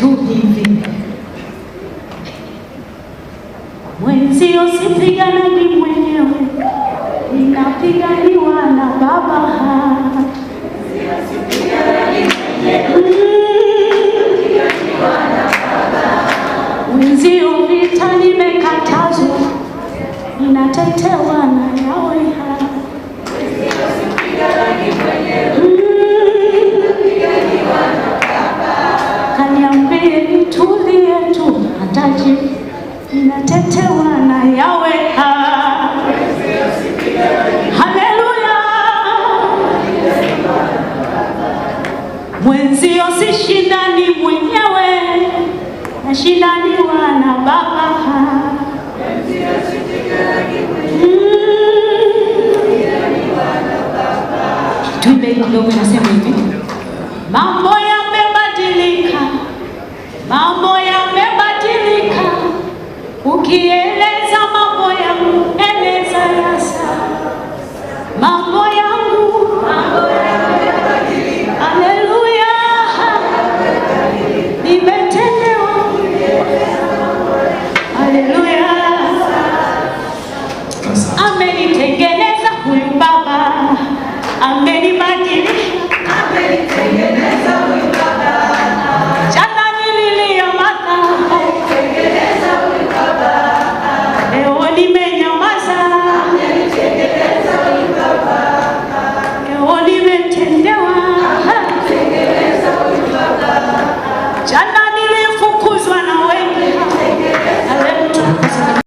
tu hivi, mwenzio sipiganani mwenyewe, ninapiganiwa na baba mwenzio, vita nimekatazwa, ninatetewa na yawe yanatetewa na yaweka. Haleluya, mwenzio si shindani mwenyewe, nashindaniwa na Baba. Hmm. mambo yamebadilika, mambo ya Ukieleza mambo yangu, eleza yasa sawa. Mambo yangu, haleluya, nimetendewa, haleluya, amenitenga